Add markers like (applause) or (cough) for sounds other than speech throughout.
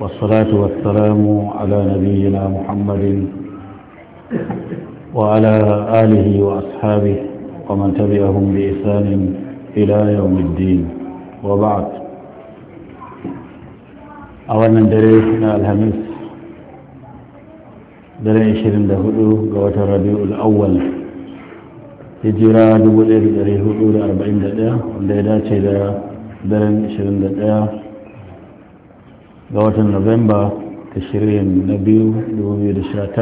والصلاة والسلام على نبينا محمد وعلى آله وأصحابه ومن تبعهم بإحسان إلى يوم الدين وبعد أولا دريسنا الهميس دري شرين دهدو قوة الربيع الأول هجرة دبو الإيه دري هدو لأربعين دقيقة وندي داتي درن شرين دقيقة ga watan Nuwamba shirin na biyu 2019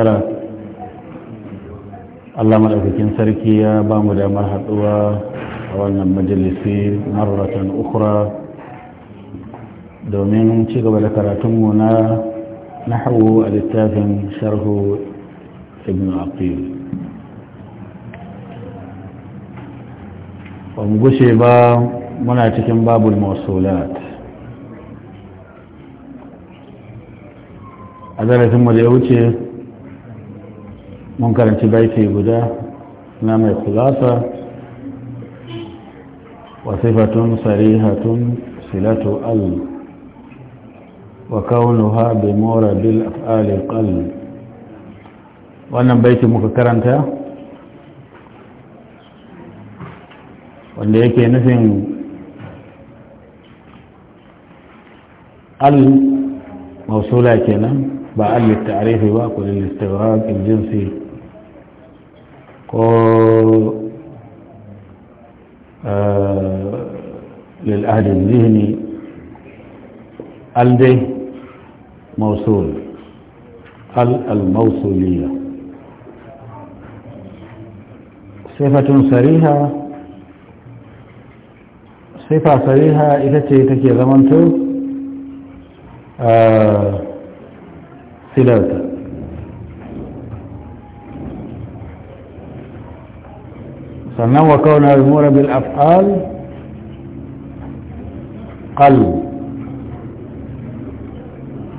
Allah maɗaukakin sarki ya ba mu damar haɗuwa a wannan majalisi marratan ukura domin ci gaba da karatunmu na nahawu a littafin sharhu ibn aqil ba mu gushe ba muna cikin babul mausulat a zarafin mu da ya wuce mun karanci baiti guda na mai kulasa wasifatun sarihatun silatu al wa kaunuha bi mora bil af'ali qal wannan baiti muka karanta wanda yake nufin al mausula kenan مع أي التعريف باقل الاستغراق الجنسي قول آه، للأهل الذهني ألدي موصول أل الموصولية صفة صريحة صفة صريحة إذا تكي زمنتو آه، ثلاثة فنوى كون المورى بالأفعال قل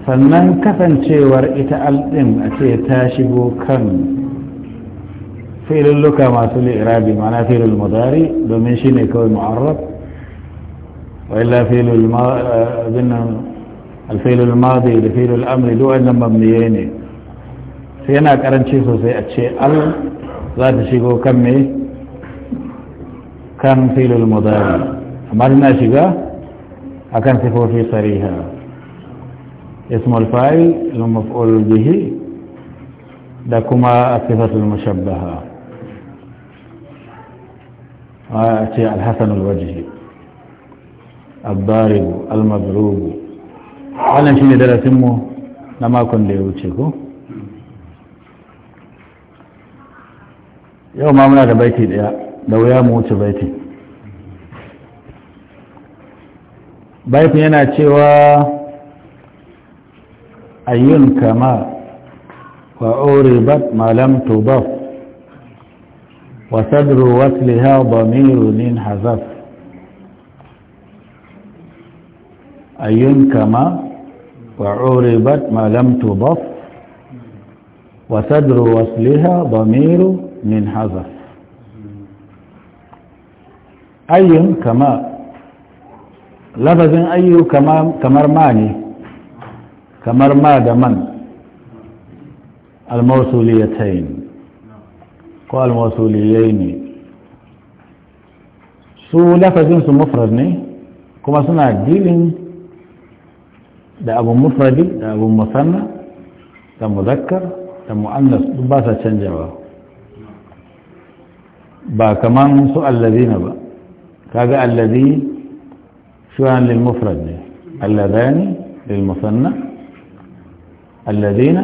فنن كفن تيور إتألم أتي تاشبو كن فعل اللكا ما سلي إرادي معنا فعل المداري دومنشين يكون معرب وإلا فعل المو... آه، آه، alfailu al-madi da fi al’amri duwan nan ne sai yana karanci sosai a ce al za ta shigo kan me kan fi'il al-madari amma na shiga a kan sifofi sariha ismu al-fail al-maf'ul bihi da kuma sifatul mushabbaha a ce alhassan alwajihi al-barigu al-mabrugu al barigu wannan ne darasinmu na makon da ya wuce ko yau ma muna da baiti daya da wuya mu wuce baiti baiti yana cewa ayyun kama wa uribat ma lam tubaf wa sadru wasliha damirun hazaf ayyun kama وعربت ما لم تضف وصدر وصلها ضمير من حذف أي كما لفظ أي كما كمرماني كمرماد من الموصوليتين قال الموصوليين su lafazinsu mufrad ne kuma suna dilin ده أبو مفرد ده أبو مثنى ده مذكر ده مؤنث دباسة شنجوا با كمان سؤال الذين با كذا الذي شو عن للمفرد اللذان للمثنى الذين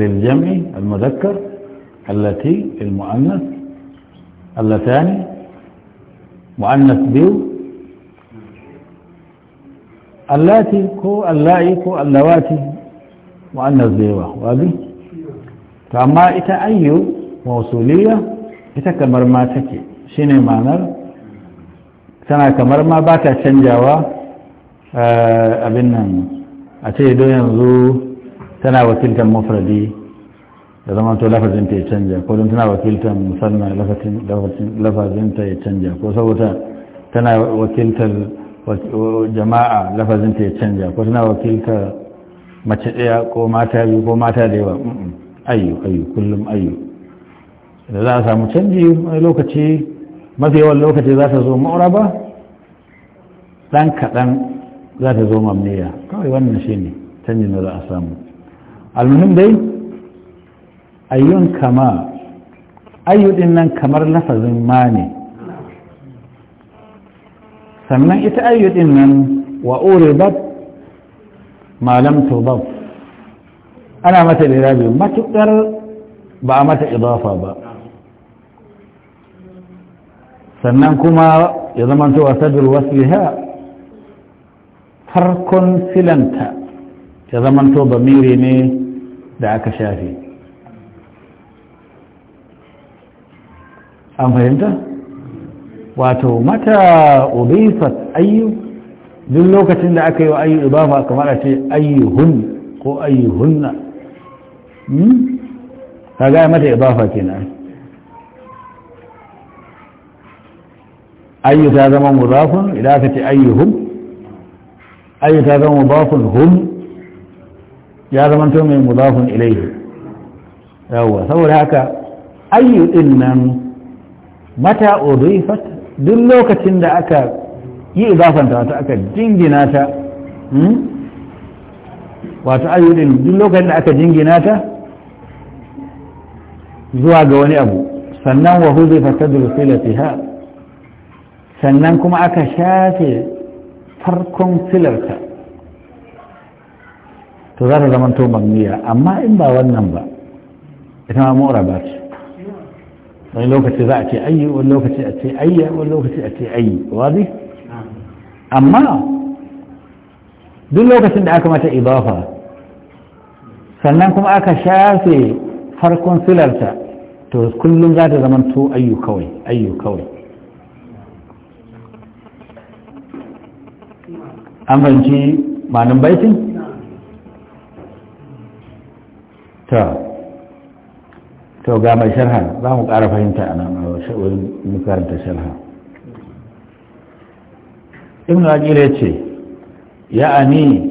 للجمع المذكر التي المؤنث اللتان مؤنث به allati ko allayi ko allawati mu'annas da yawa wabi to amma ita ayyu mausuliya ita kamar ma take shine ma'anar tana kamar ma ba ta canjawa abin nan a ce don yanzu tana wakiltar mafradi da zama to lafazinta ya canja ko don tana wakiltar musamman lafazinta ya canja ko saboda tana wakiltar jama'a lafazin ta ya canja ko suna wakilta mace ɗaya ko mata biyu ko mata da yawa ayyu ayyu kullum ayyu da za a samu canji lokaci mafi yawan lokaci za ta zo ma'uraba ɗan kaɗan za ta zo mamniya kawai wannan shi ne canjin da za a samu almuhim dai ayyun kama ayyu ɗin nan kamar lafazin ma ne ثم يتأيد إنما وأوردت ما لم تضف أنا متى الإلهي ما تقدر بقى متى إضافة بقى سننكما إذا من توسجر وسلها فرق سلنتا إذا من تو ضميريني دعك شافي أم فهمت؟ أم فهمت؟ wato mata ubifat ayyu duk lokacin da aka yi wa ayyu ibafa kamar a ce ayyuhun ko ayyuhunna hmm? ka gaya mata ibafa kenan ayyu ta zama mudafun idan aka ce ayyuhun ayyu ta zama mudafun hum ya zama to mai mudafun ilaihi yawwa saboda haka ayyu din nan mata udifat duk lokacin da aka yi izafanta wato aka jingina ta hmm? wato ayyudin duk lokacin da aka jingina ta zuwa ga wani abu sannan wa huzifa tadru silatiha sannan kuma aka shafe farkon filarta to za ta zama to amma in ba wannan ba ita ma mura ba ce wani lokaci za a ce ayi wani lokaci a ce ayya wani lokaci a ce ayi wazi amma duk lokacin da aka mata ibafa sannan kuma aka shafe farkon silarta to kullum za ta zama to ayyu kawai ayyu kawai an fahimci manin baitin? ta to ga mai sharha za mu ƙara fahimta a nan a wajen karanta sharha ibn ajir ya ce ya'ani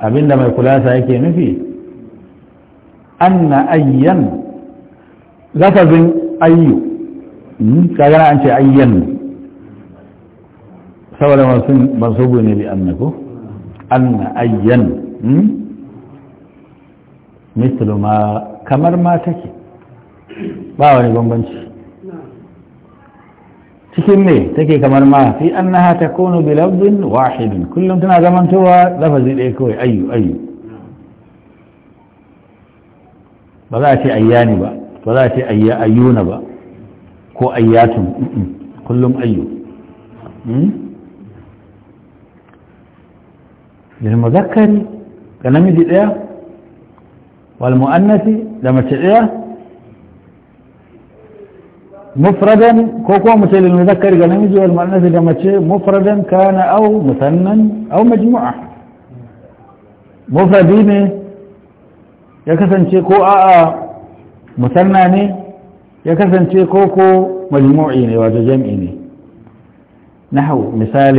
abinda mai kulasa yake nufi anna ayyan lafazin ayyu hmm, kagana an ce ayyan saboda masu ne bi annako anna ayyan hmm? mislu ma kamar ma take ba wani bambanci cikin me take kamar ma fi annaha takunu bi lafzin wahidin kullum tana zamantowa lafazi ɗaya kawai ayyu ayyu ba za a ce ayyani ba ba za a ce ayya ayyuna ba ko ayyatun kullum ayyu للمذكر كنمجي ديا والمؤنث لما تشيا مفردا كوكو مثل المذكر قال نجي والمؤنث لما مفردا كان او مثنى او مجموعة مفردين يا كسن شي كو ا مثنى ني يا كسن شي كوكو مجموعي ني نحو مثال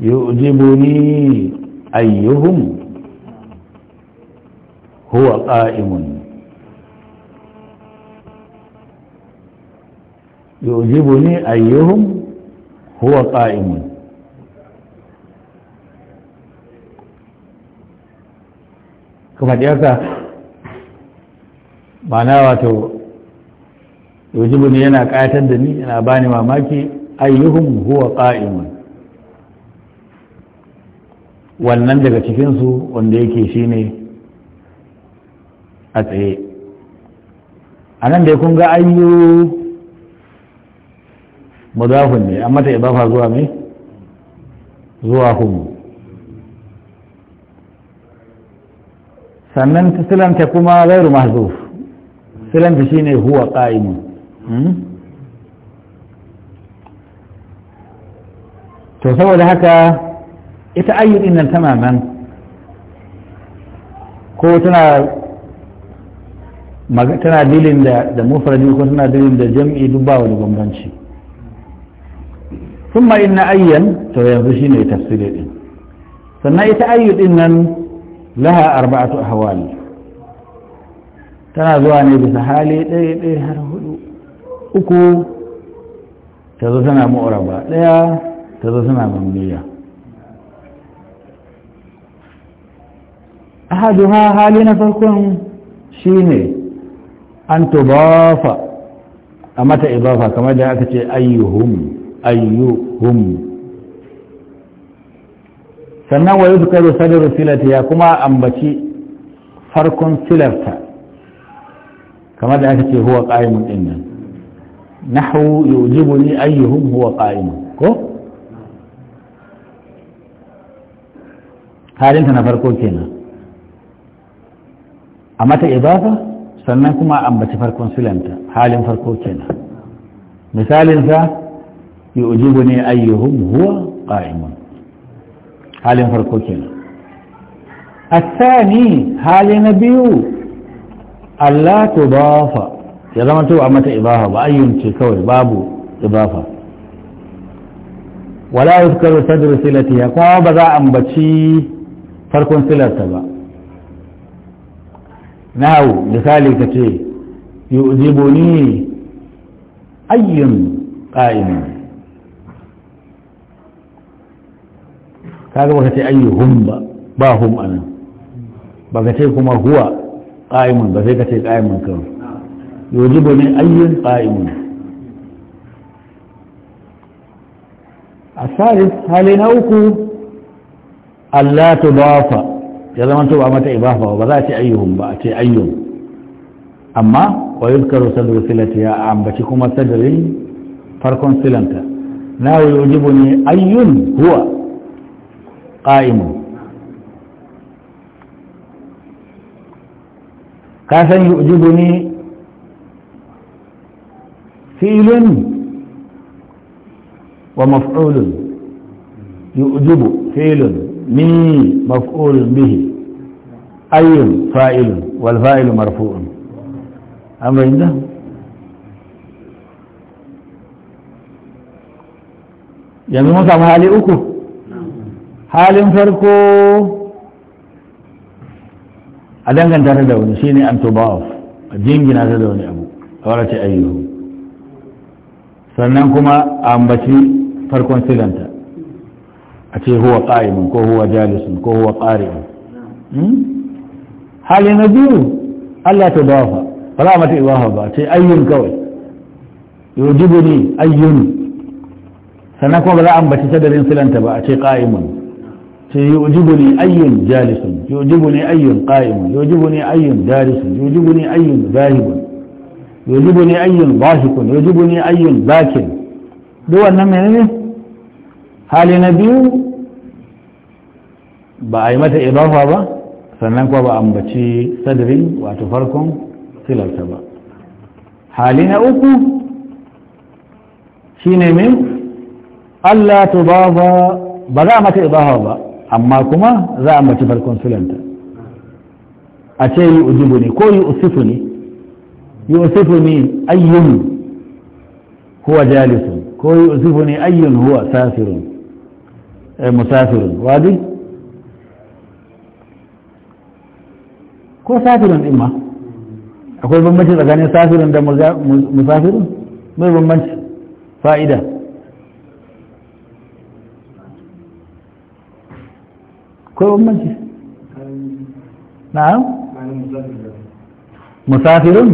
يؤجبني ايهم هو قائم يعجبني أيهم هو قائم كما da yasa واتو wato أنا قائتا yana أنا da ni yana bani mamaki huwa wannan daga cikinsu wanda yake shine a tsaye a nan da kun ga ayyu mudafun ne amma ta idafa zuwa mai zuwa hum sannan silanta kuma gairu mahzuf silanta shine huwa qa'imun hmm? to saboda haka ita din nan tamaman ko tana tana dilin da mufradi ko tana dilin da jam'i duk ba wani bambanci ثم إن أيا تريضيشين يتفسيرين إيه؟ ثم يتأيد إن لها أربعة أحوال تنازواني بسحالي إيه إيه دي إيه، هرهدو أكو تدثنا مؤربا ليا تدثنا ممنية أحدها حالنا فالكم شيني أن تضاف أمتى إضافة كما جاءت أيهم ayyuhum sannan wa yuzkaru sadru silati ya kuma ambaci farkon silarta kamar da aka ce huwa qa'imun din nan nahwu ni ayyuhum huwa qa'imun ko halinta na farko kenan a mata ibafa sannan kuma ambaci farkon silanta halin farko kenan misalinsa yi ujibu ne ayyuhun huwa ƙa’imun halin farko kenan a tsani hali na biyu Allah to ba zama to a mata ibafa ba ayyun ce kawai babu ibafa wala yi sadar silati ya kuma ba za a ambaci farkon silarta ba na hau misali ka ce yi ujibu ni ayyun ƙa’imun kaga baka ce hum ba ba hum anan ka ce kuma huwa qa'imun ba sai ka ce qa'imun kawai yujibu ne ayyun qa'imun asalis hali na uku Allah ta tudafa ya zama to ba mata ibafa ba za a ce ayyuhum ba a ce ayyun amma wa yuzkaru sadru silati ya ambaci kuma sadrin farkon silanta na yujibu ne ayyun huwa قائم كاسا يؤجبني فيل ومفعول يؤجب فيل مي مفعول به أي فائل والفائل مرفوع أما عنده يعني مصعب هالي أكو halin farko a danganta ta da wani ne an tubawaf a jingina ta da wani abu a warace ayyuhu sannan kuma a ambaci farkon silanta a ce huwa ƙa'imin ko huwa jalisun ko huwa ƙari'in hmm? hali na biyu Allah ta dafa ba za a mata iwafa ba ce ayyun kawai yujibu ni ayyun sannan kuma ba za a ambaci sadarin silanta ba a ce ƙa'imin يوجبني أي جالس يوجبني أي قائم يوجبني أي جالس يوجبني أي ذاهب يوجبني أي ضاحك يوجبني أي باكر دو أنم يعني hali na biyu ba a yi mata idafa ba sannan kuwa ba ambaci sadri wato farkon silarta ba hali na uku shi ne min allah tubafa ba za a mata ba amma kuma za a mace farkon sulanta a ce yi ujibu ne ko yi usufu ne yi usufu ne ayyun huwa jalisun ko yi usufu ne ayyun huwa safirun eh, musafirun wadi ko safirun din ma akwai bambanci tsakanin safirun da musafirun mai bambanci fa'ida akwai bambanci na'am musafirun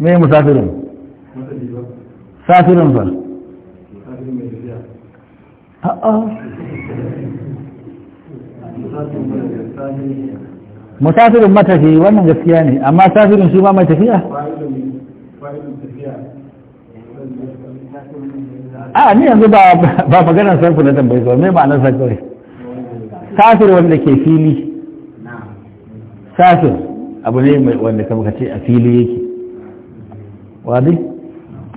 me musafirun safirun fa musafirin matafi wannan gaskiya ne amma safirin shi ba mai tafiya a ni yanzu ba maganar sarfi na tambayi ba mai ma'anar sarfi kafir wanda ke fili kafir abu ne wanda ka muka ce a fili yake wadi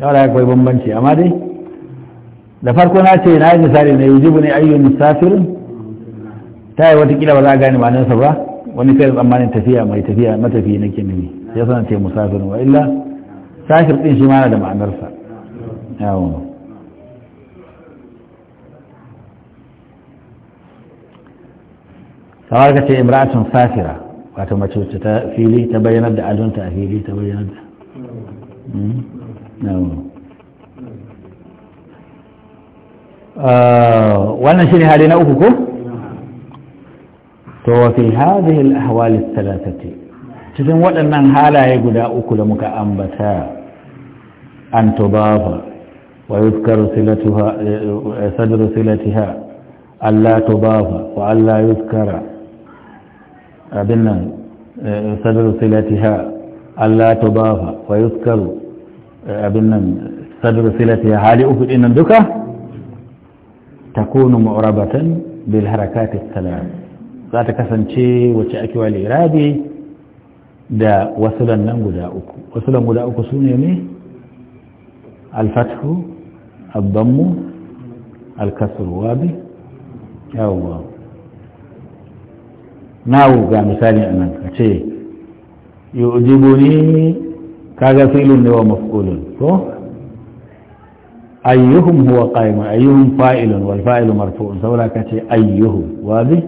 yawon ya kawai bambanci amma dai da farko na ce na yi misali na yujibu ne ayyun musafirin ta yi watakila ba za a gane ma'anarsa ba wani kai tsammanin tafiya mai tafiya matafiya na nemi ya sanar ce musafirin wa illa safir din shi ma na da ma'anarsa yawon فقال كتي امرأة فاترة وقت ما تشتت في لي تبين ابدا اذنت في لي تبين ابدا نعم آه، وانا شيني هذه نوفكم تو في هذه الاحوال الثلاثة تتم وقت ان هالا يقول اكل مك انبتا ان تضاف ويذكر صلتها صدر صلتها ان لا تضاف وان لا يذكر abin nan eh, sadar silatiha Allah ta bafa wa yuskaru eh, abin nan sadar silatiha hali uku din nan duka takunu mu'rabatan bil harakati salam za ta kasance wacce ake wa lirabi da wasulan nan guda uku wasulan guda uku su ne ne alfathu abbanmu alkasru wabi yawwa nawo ga misali a nan a ce yu'jibuni kaga filin ne wa maf'ulun ko ayyuhum huwa qa'imun ayyuhum fa'ilun wal fa'ilu marfu'un saboda ka ce ayyuhum wazi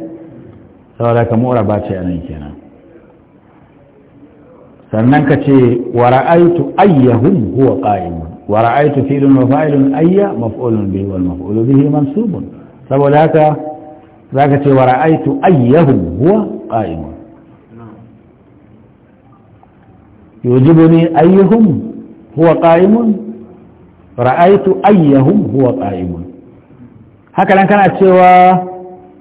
saboda ka mura mu'raba ce anan kenan sannan ka ce wa ra'aytu ayyahum huwa qa'imun wa ra'aytu filun wa fa'ilun ayya maf'ulun bihi wal maf'ulu bihi mansubun saboda haka za ka ce wa ra'aitu ayyahu huwa qa'imun yujibuni ayyuhum huwa qa'imun ra'aitu ayyahum huwa qa'imun haka nan kana cewa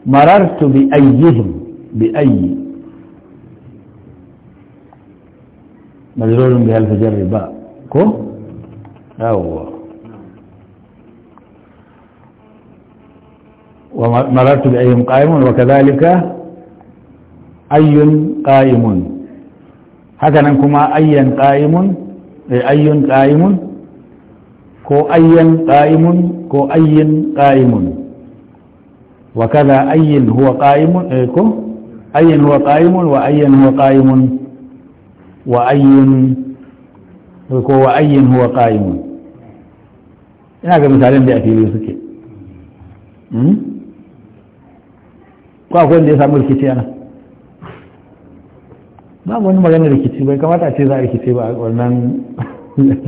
marartu bi ayyihim bi ayyi majrurun bi alf jarri ba ko yawwa ومررت بأي قائم وكذلك أي قائم هكذا نكما أي قائم أي قائم كو أي قائم كو أي قائم وكذا أي هو قائم إيه، كو أي هو قائم وأي هو قائم وأي كو وأي هو قائم هناك مثالين بيأتي misalan da ko akwai wanda ya samu rikici yana ba wani magana rikici bai kamata a ce za a rikici ba wannan (laughs)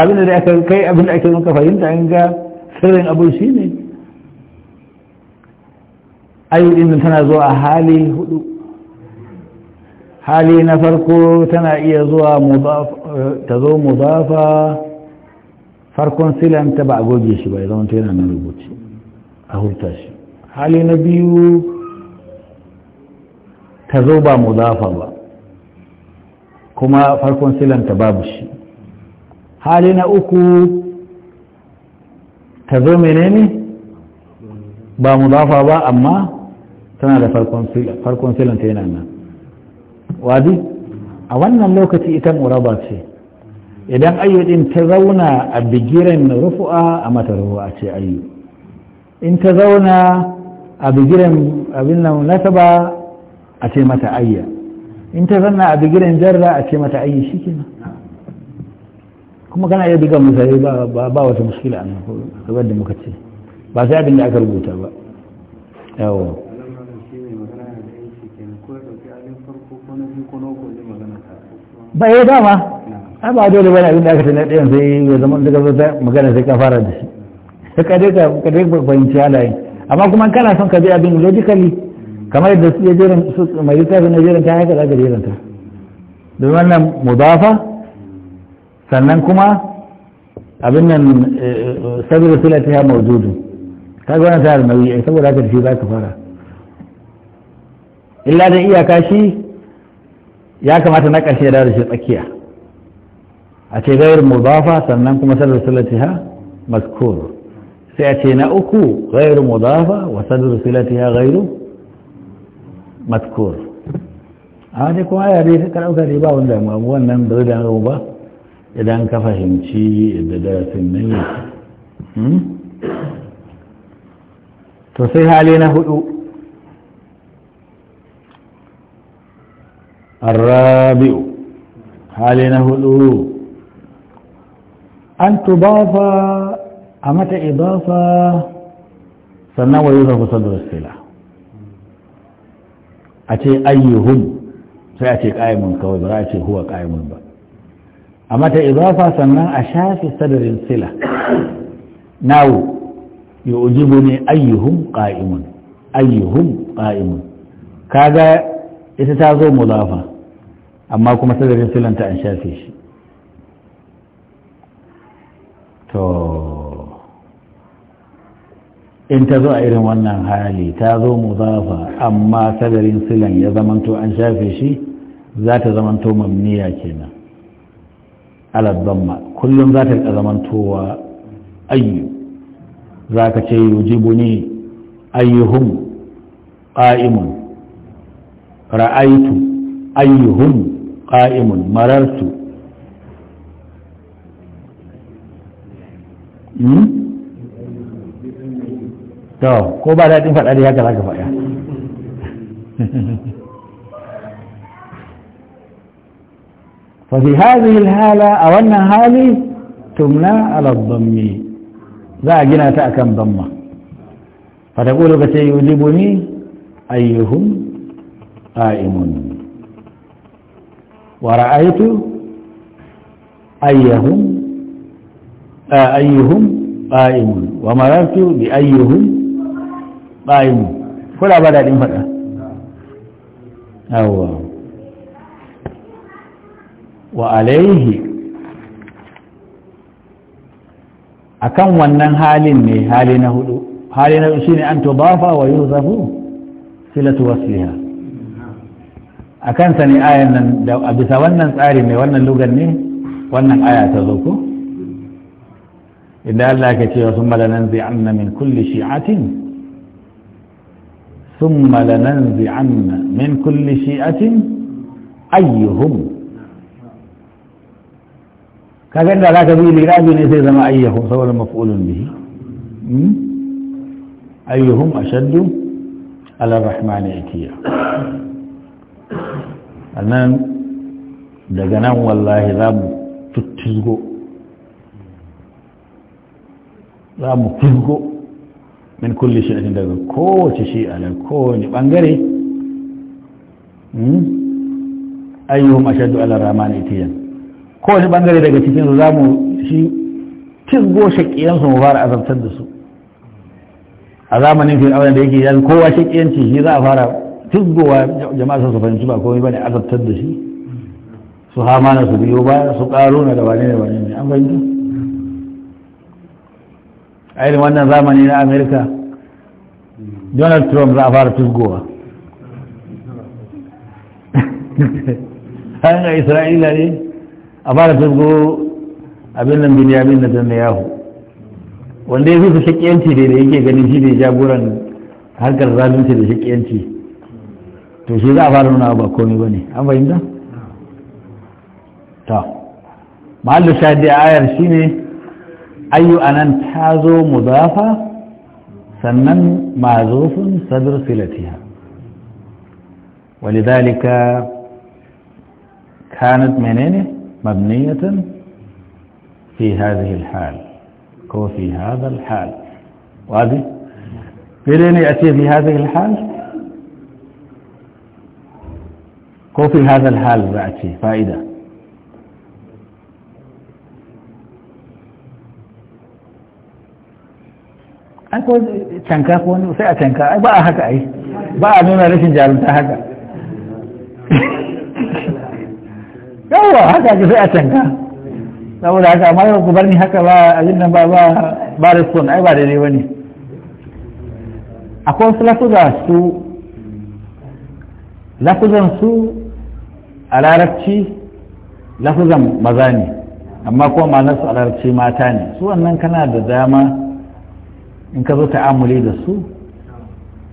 abin da aka kai abin da ake ka fahimta an ga sirrin abu shi ne ayyukin tana zuwa hali hudu hali na farko tana iya zuwa ta zo mudafa farkon silanta ba a goge shi ba ya zama yana na rubuci a hurta shi hali na biyu ta zo ba mudafa ba kuma farkon silanta babu shi hali na uku ta zo menene ba mudafa ba amma tana da farkon silanta yana nan wadi a wannan lokaci ita muraba ce idan ayyudin ta zauna a bigiran rufu'a a mata rufu'a ce ayyu in ta zauna a bigiren abin nan nasaba a ce mata ayya in ta zanna a bigiren jarra a ce mata ayya shi kenan kuma kana iya diga misali ba wata muskila an kamar da muka ce ba sai abin da aka rubuta ba yawo ba ya eh, dama ai ba dole bane abin da aka tana ɗayan sai ya zama daga magana sai ka fara da shi ka dai ka fahimci halayen amma kuma kana son ka bi abin logically kamar da su jerin su mai na jerin ta haifar da ka ta domin wannan mudafa sannan kuma abin nan eh, eh, saboda sila ta ya mawjudu ta ga wannan tare nauyi eh, saboda haka shi za ka fara illa da iyaka shi ya kamata na ƙarshe da shi tsakiya a ce gairar mudafa sannan kuma saboda sila ta ya mazkur سيأتي نأكو غير مضافة وصدر صلتها غير مذكور هذه كما أن كلاو كذبا وندم wannan bai da ba idan ka fahimci da darasin إذا درس sai تصيح علينا هدوء الرابع علينا هدوء أن تضاف a mata idafa sannan wa yuzafu da sila a ce ayyuhun sai a ce ƙa'imun kawai ba za a ce huwa ƙa'imun ba a mata idafa sannan a shafi sadarin sila nawo ya ujibu ne ayyuhun ƙa'imun ayyuhun ƙa'imun kaga ita ta zo mulafa amma kuma sadarin silanta an shafe shi to in ta zo a irin wannan hali ta zo muzafa amma sadarin silan ya zamanto an shafe shi za ta zamanto mamniya kenan aladdamma kullum za ta zamantowa ayyu za ka ce yujibuni ayyuhum qa'imun ra'aitu ayyuhum qa'imun marartu hmm? to ko ba daɗin faɗa da haka za ka faɗa ففي هذه الحالة أو أن هالي تمنى على الضم ذا جنا تأكم ضمة فتقول بتي يجيبني أيهم قائم ورأيت أيهم آه أيهم قائم ومررت بأيهم ɗayin kula ba daɗin faɗa yawon wa alaihi kan wannan halin ne hali na hudu hali na hudu ne an tudafa wa yuzafu silatu wasliha a sa ne ayan nan da a bisa wannan tsari mai wannan lugan ne wannan aya ta zo ko idan Allah ka ce wasu malanan zai annamin min kulli shi'atin ثم لننزعن من كل شيئة أيهم كأن لا تبي لراد نسيز ما أيهم سواء مفعول به أيهم أشد على الرحمن إكيا أنا دقنا والله رب تتزقو رب تتزقو min kulli shi'atin daga kowace shi shi'a da kowane bangare hmm? ayyuhum ashaddu ala rahmani itiyan kowace ɓangare daga cikin su mu shi kisgo shakiyan su mu fara azabtar da su a zamanin fi fir'auna da yake yanzu kowa shakiyanci shi za a fara kisgowa jama'a su fahimci ba komai bane azabtar da shi su hama na su biyo ba su karuna da wane da wane ne an fahimta a irin wannan zamani na amerika donald trump za a fara tusgowa (laughs) hanyar isra'ila ne a fara tuzgo abin nan binyamin na yahu, wanda ya fi su shakiyanci da yake ganin shi ne jagoran harkar zalunci da shakiyanci to shi za a fara nuna ba komai ba ne an fahimta? ta ma'allu shadi a ayar shi ne أي أن تازو مضافة سنن معزوف صدر صلتها ولذلك كانت منين مبنية في هذه الحال كو في هذا الحال واضح منين يأتي في هذه الحال كو في هذا الحال بأتي فائدة an ko canka ko wani sai a canka ai ba a haka ai ba a nuna rashin jarumta haka (laughs) yawa haka ake sai a canka saboda haka amma yau ku bar ni haka ba abin nan ba ba respon ai ba daidai bane akwai wasu lafuza su lafuzan su a larabci lafuzan maza ne amma kuma ma'anar su a larabci mata ne su wannan kana da dama in ka zo ta'amuli da su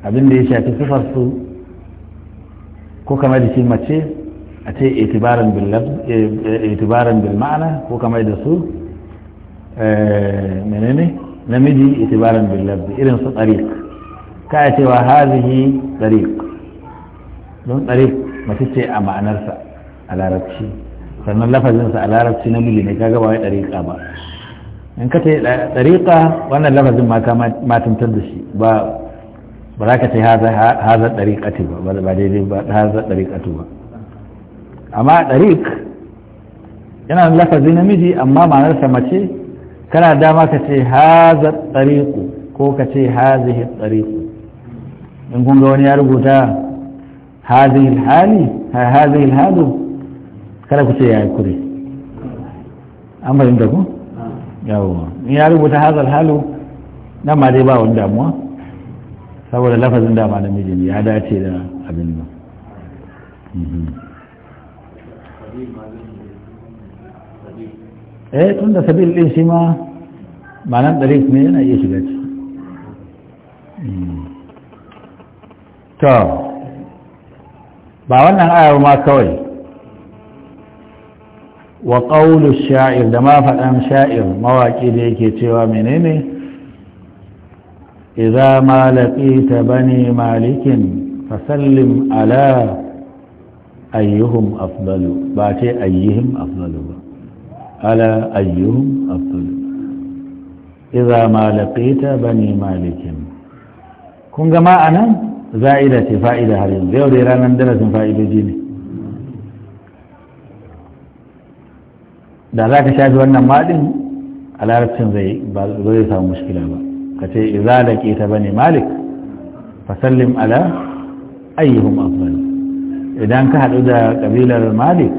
abin da ya shafi sifar su ko kamar da shi mace a ce itibaran bil eh, ma'ana ko kamar da su eh, menene namiji itibaran bil labbi irin su tsarik ka ya cewa hazihi tsarik don tsarik mace ce a ma'anarsa a larabci sannan lafazinsa a larabci namiji ne kaga gaba wai tsarika ba in ka ce ɗariƙa wannan lafazin ma ka matantar da shi ba ba za ka ce hazar ɗariƙati ba ba daidai ba hazar ɗariƙatu ba amma ɗariƙ yana lafazi namiji amma ma'anar mace kana dama ka ce hazar ɗariƙu ko ka ce hazihin ɗariƙu in kun ga wani ya rubuta hazihin hali hazihi halu kada ku ce ya yi kure an fahimta ku yawo in ya rubuta hazal halu nan ma dai ba wani damuwa saboda lafazin dama na mijin ya dace da abin nan mhm. eh tun da sabil din shi ma ma'anar ɗari ne yana iya shiga ci hmm. to ba wannan ayar ma kawai wa ƙaunu sha'ir da ma faɗan sha'ir mawaƙi da yake cewa menene iza ma ta bani malikin fasallim ala ayyuhum afdalu ba ce ayyuhum afdalu ba ala ayyuhum afdalu iza ma ta bani malikin kun gama a nan za'ida fa'ida har yanzu yau dai ranar darasin fa'idoji ne da za ka shafi wannan maɗin a larabcin zai ba zai samu mushkila ba ka ce iza da ke ta bane malik sallim ala ayyuhum afdal idan ka haɗu da kabilar malik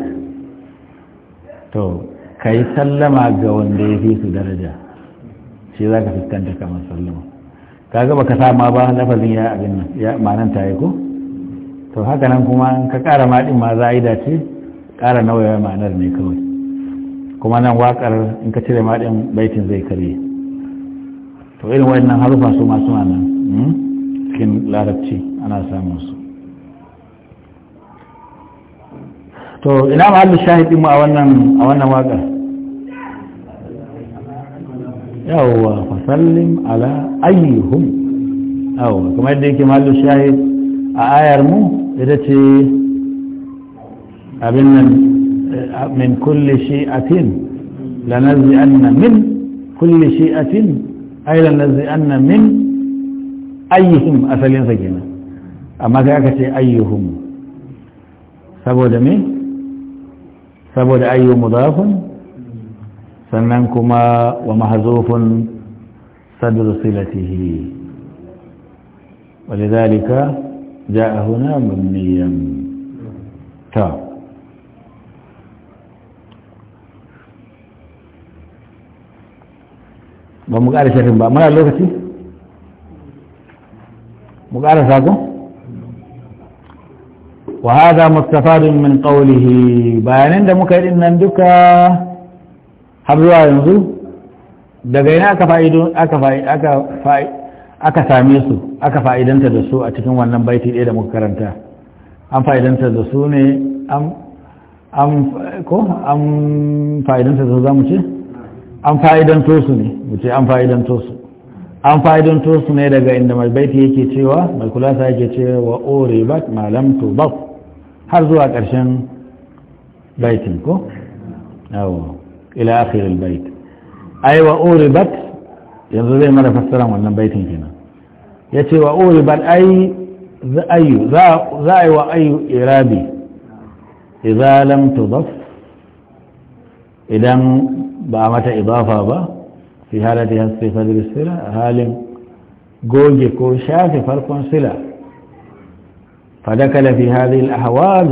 to ka sallama ga wanda ya fi su daraja shi za ka fuskanta kamar sallama ka gaba ka sama ba lafazin ya abin nan ya manan ta yi ko to haka nan kuma ka kara maɗin ma za a yi dace ƙara nauyar ma'anar ne kawai kuma nan wakar in ka cire maɗin baitin zai karye to irin waɗannan harufa su masu nan hmm? cikin larabci ana samun su to ina mahallu shahidin mu a wannan a wannan wakar yawwa fasallim ala ayyuhum yawwa kuma yadda yake mahallu shahid a ayar mu ita ce abin nan من كل شيئة لنزئن من كل شيئة أي لنزئن من أيهم أفلين سكينة أما كأكت أيهم سبود من سبود أي مضاف سننكما ومحذوف صدر صلته ولذلك جاء هنا مبنيا تاب طيب. ba mu ƙara shafin ba mara lokaci mu ƙara sako wa haza mustafadun min ƙaulihi bayanin da muka yi nan duka har zuwa yanzu daga yana aka fa'ido aka aka aka same su aka fa'idanta da su a cikin wannan baiti ɗaya da muka karanta an fa'idanta da su ne an fa'idanta da su zamuci? ce an fa'idanto su ne wuce an fa'idanto su an fa'idanto su ne daga inda mai baiti yake cewa mai kulasa yake cewa ore bat malam to ba har zuwa ƙarshen baitin ko? yawo ila akhirin bait ai wa ore ba yanzu zai mara fassaran wannan baitin kenan ya ce wa ore ba ai za a yi wa ayu irabi idan lam tudaf idan ba mata ibafa ba fi halati hasfi sai sila halin goge ko shafe farkon sila fadakala fi hadhihi al-ahwal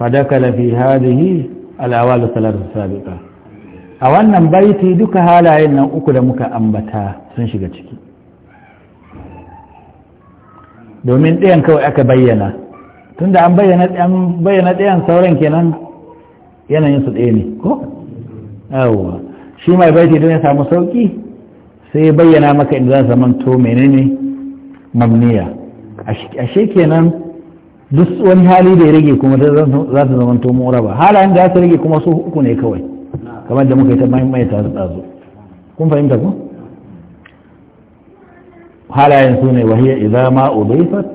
fadakala fi hadhihi al-ahwal al sabiqa a wannan baiti duka halayen nan uku da muka ambata sun shiga ciki domin ɗayan kawai aka bayyana tunda an bayyana ɗayan sauran kenan yanayin su ɗaya ne ko yawwa shi mai baiti don ya samu sauki sai bayyana maka inda za zaman to menene mamniya a kenan duk wani hali da ya rage kuma za su zaman to ba halayen da za su rage kuma su uku ne kawai kamar da muka yi ta mai ta tsazo kun fahimta ku halayen su ne wahiyar idza ma udaifat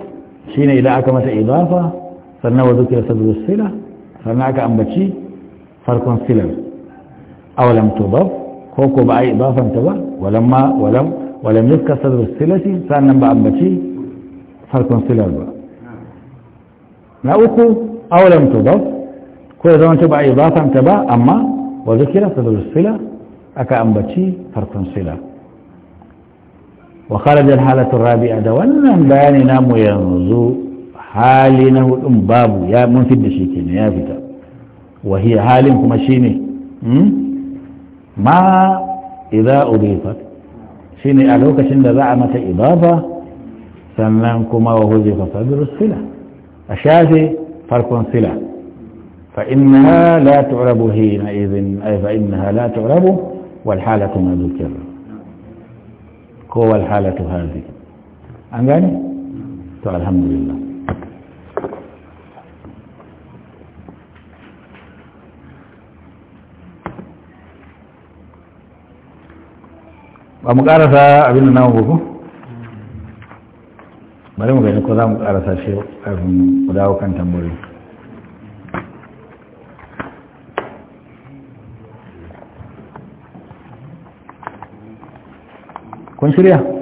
shine idan aka mata idafa sannan wa zikra sadrus sila sannan aka ambaci farkon silar awalam tubab ko ba a yi idafanta ba walam ma walam walam yuzka sadru silati sannan ba ambaci farkon silar ba na uku awalam tubab ko ya zama ba a yi idafanta ba amma wa zikira sadru sila aka ambaci farkon sila wa kharaja halatu rabi'a da wannan bayani namu yanzu hali na hudun babu ya mun fidda shi ya fita wa halin kuma shine ما إذا أضيفت شيني ألوك شند زعمت إضافة سننكما وهزف صدر الصلة أشياء فرق صلة فإنها لا تعرب حينئذ أي فإنها لا تعرب والحالة ما ذكر قوى الحالة هذه أنجاني؟ الحمد لله ba mu karasa abin da namu gugu? bari mu gani ko za mu karasa shi kafin dawo kan tambayoyi kun shirya